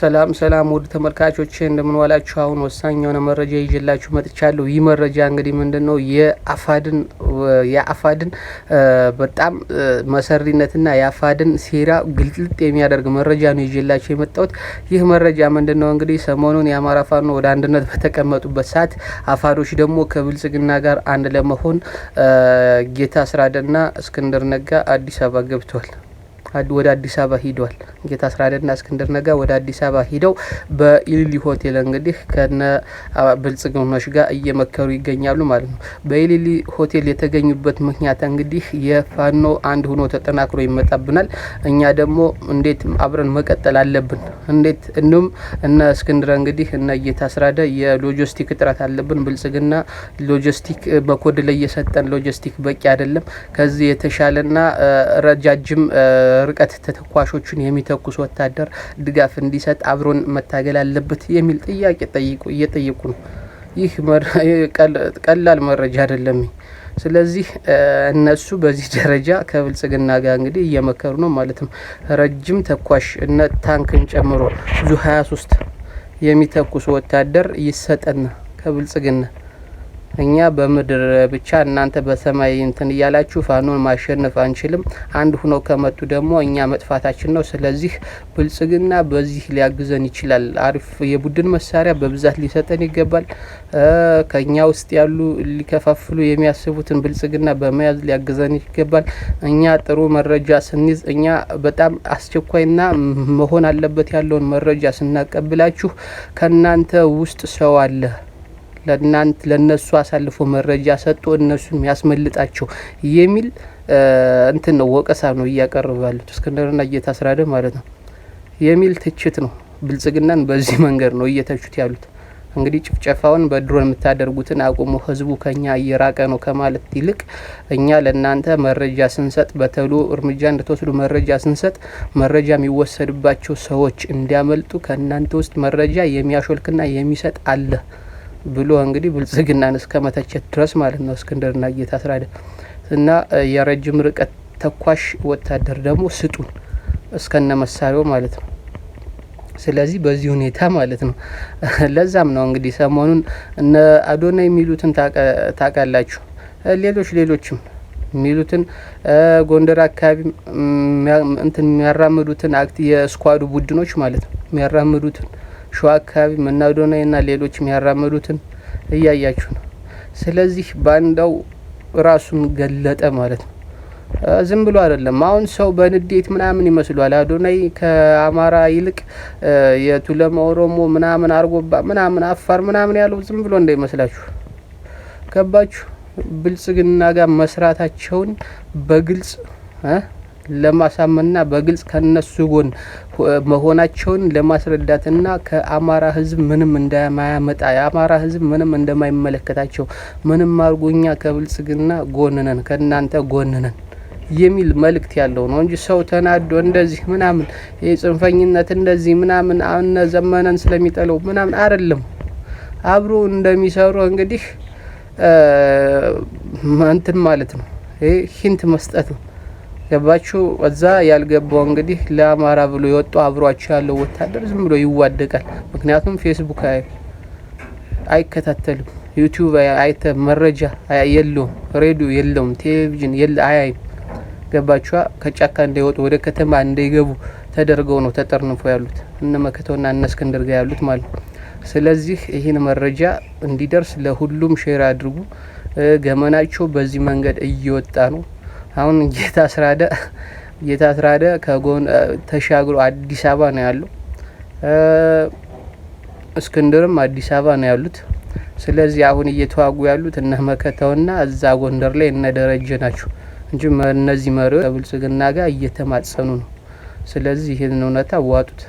ሰላም ሰላም ውድ ተመልካቾች እንደምንዋላችሁ። አሁን ወሳኝ የሆነ መረጃ ይዤላችሁ መጥቻለሁ። ይህ መረጃ እንግዲህ ምንድን ነው? የአፋድን የአፋድን በጣም መሰሪነትና የአፋድን ሴራ ግልጥልጥ የሚያደርግ መረጃ ነው ይዤላችሁ የመጣሁት። ይህ መረጃ ምንድን ነው? እንግዲህ ሰሞኑን የአማራ ፋኖ ወደ አንድነት በተቀመጡበት ሰዓት አፋዶች ደግሞ ከብልጽግና ጋር አንድ ለመሆን ጌታ ስራደና እስክንድር ነጋ አዲስ አበባ ገብቷል። ወደ አዲስ አበባ ሂዷል። ጌታ አስራደና እስክንድር ነጋ ወደ አዲስ አበባ ሂደው በኢሊሊ ሆቴል እንግዲህ ከነ ብልጽግኖች ጋር እየመከሩ ይገኛሉ ማለት ነው። በኢሊሊ ሆቴል የተገኙበት ምክንያት እንግዲህ የፋኖ አንድ ሆኖ ተጠናክሮ ይመጣብናል፣ እኛ ደግሞ እንዴት አብረን መቀጠል አለብን፣ እንዴት እንም እነ እስክንድር እንግዲህ እነ ጌታ አስራደ የሎጂስቲክ እጥረት አለብን፣ ብልጽግና ሎጂስቲክ በኮድ ላይ የሰጠን ሎጂስቲክ በቂ አይደለም፣ ከዚህ የተሻለና ረጃጅም ርቀት ተተኳሾቹን የሚተኩስ ወታደር ድጋፍ እንዲሰጥ አብሮን መታገል አለበት የሚል ጥያቄ ጠይቁ እየጠየቁ ነው። ይህ ቀላል መረጃ አይደለም። ስለዚህ እነሱ በዚህ ደረጃ ከብልጽግና ጋር እንግዲህ እየመከሩ ነው ማለትም ረጅም ተኳሽ እነ ታንክን ጨምሮ ዙ 23 የሚተኩስ ወታደር ይሰጠና ከብልጽግና እኛ በምድር ብቻ እናንተ በሰማይ እንትን እያላችሁ ፋኖን ማሸነፍ አንችልም። አንድ ሁነው ከመቱ ደግሞ እኛ መጥፋታችን ነው። ስለዚህ ብልጽግና በዚህ ሊያግዘን ይችላል። አሪፍ የቡድን መሳሪያ በብዛት ሊሰጠን ይገባል። ከኛ ውስጥ ያሉ ሊከፋፍሉ የሚያስቡትን ብልጽግና በመያዝ ሊያግዘን ይገባል። እኛ ጥሩ መረጃ ስንይዝ፣ እኛ በጣም አስቸኳይና መሆን አለበት ያለውን መረጃ ስናቀብላችሁ ከእናንተ ውስጥ ሰው አለ ለእናንት ለእነሱ አሳልፎ መረጃ ሰጡ እነሱን ያስመልጣቸው የሚል እንትን ነው፣ ወቀሳ ነው እያቀረቡ ያሉት እስክንድርና እየታስራደ ማለት ነው የሚል ትችት ነው። ብልጽግናን በዚህ መንገድ ነው እየተቹት ያሉት። እንግዲህ ጭፍጨፋውን በድሮን የምታደርጉትን አቁሙ፣ ህዝቡ ከኛ እየራቀ ነው ከማለት ይልቅ እኛ ለእናንተ መረጃ ስንሰጥ በተሎ እርምጃ እንድትወስዱ መረጃ ስንሰጥ መረጃ የሚወሰድባቸው ሰዎች እንዲያመልጡ ከእናንተ ውስጥ መረጃ የሚያሾልክና የሚሰጥ አለ ብሎ እንግዲህ ብልጽግናን እስከ መተቸት ድረስ ማለት ነው እስክንድርና ጌታ ስራደ እና የረጅም ርቀት ተኳሽ ወታደር ደግሞ ስጡን እስከነ መሳሪያው ማለት ነው። ስለዚህ በዚህ ሁኔታ ማለት ነው። ለዛም ነው እንግዲህ ሰሞኑን እነ አዶና የሚሉትን ታውቃላችሁ፣ ሌሎች ሌሎችም የሚሉትን ጎንደር አካባቢ እንትን የሚያራምዱትን አክት የስኳዱ ቡድኖች ማለት ነው የሚያራምዱትን ሸዋ አካባቢ መናዶናይና ሌሎች የሚያራመዱትን እያያችሁ ነው። ስለዚህ ባንዳው ራሱን ገለጠ ማለት ነው። ዝም ብሎ አይደለም። አሁን ሰው በንዴት ምናምን ይመስሏል። አዶናይ ከአማራ ይልቅ የቱለማ ኦሮሞ ምናምን አርጎባ ምናምን አፋር ምናምን ያለው ዝም ብሎ እንዳይመስላችሁ። ገባችሁ? ብልጽግና ጋር መስራታቸውን በግልጽ ለማሳመንና በግልጽ ከነሱ ጎን መሆናቸውን ለማስረዳትና ከአማራ ህዝብ ምንም እንደማያመጣ የአማራ ህዝብ ምንም እንደማይመለከታቸው ምንም አርጎኛ ከብልጽግና ጎንነን ከእናንተ ጎንነን የሚል መልእክት ያለው ነው እንጂ ሰው ተናዶ እንደዚህ ምናምን ጽንፈኝነት እንደዚህ ምናምን አነ ዘመነን ስለሚጠለው ምናምን አይደለም። አብሮ እንደሚሰሩ እንግዲህ እንትን ማለት ነው። ይሄ ሂንት መስጠት ነው። ገባችሁ? እዛ ያልገባው እንግዲህ ለአማራ ብሎ የወጣው አብሯቸው ያለው ወታደር ዝም ብሎ ይዋደቃል። ምክንያቱም ፌስቡክ አይከታተልም፣ ዩቲዩብ አይተ መረጃ የለውም፣ ሬዲዮ የለውም፣ ቴሌቪዥን የለ አያይም። ገባችኋ? ከጫካ እንዳይወጡ ወደ ከተማ እንዳይገቡ ተደርገው ነው ተጠርንፎ ያሉት እነ መከተውና እነ እስክንድር ጋ ያሉት ማለት ነው። ስለዚህ ይህን መረጃ እንዲደርስ ለሁሉም ሼር አድርጉ። ገመናቸው በዚህ መንገድ እየወጣ ነው። አሁን ጌታ አስራደ ጌታ ስራደ ከጎን ተሻግሮ አዲስ አበባ ነው ያለው። እስክንድርም አዲስ አበባ ነው ያሉት። ስለዚህ አሁን እየተዋጉ ያሉት እነ መከተውና እዛ ጎንደር ላይ እነ ደረጀ ናቸው እንጂ እነዚህ መሪዎች ከብልጽግና ጋር እየተማጸኑ ነው። ስለዚህ ይህንን እውነታ ዋጡት።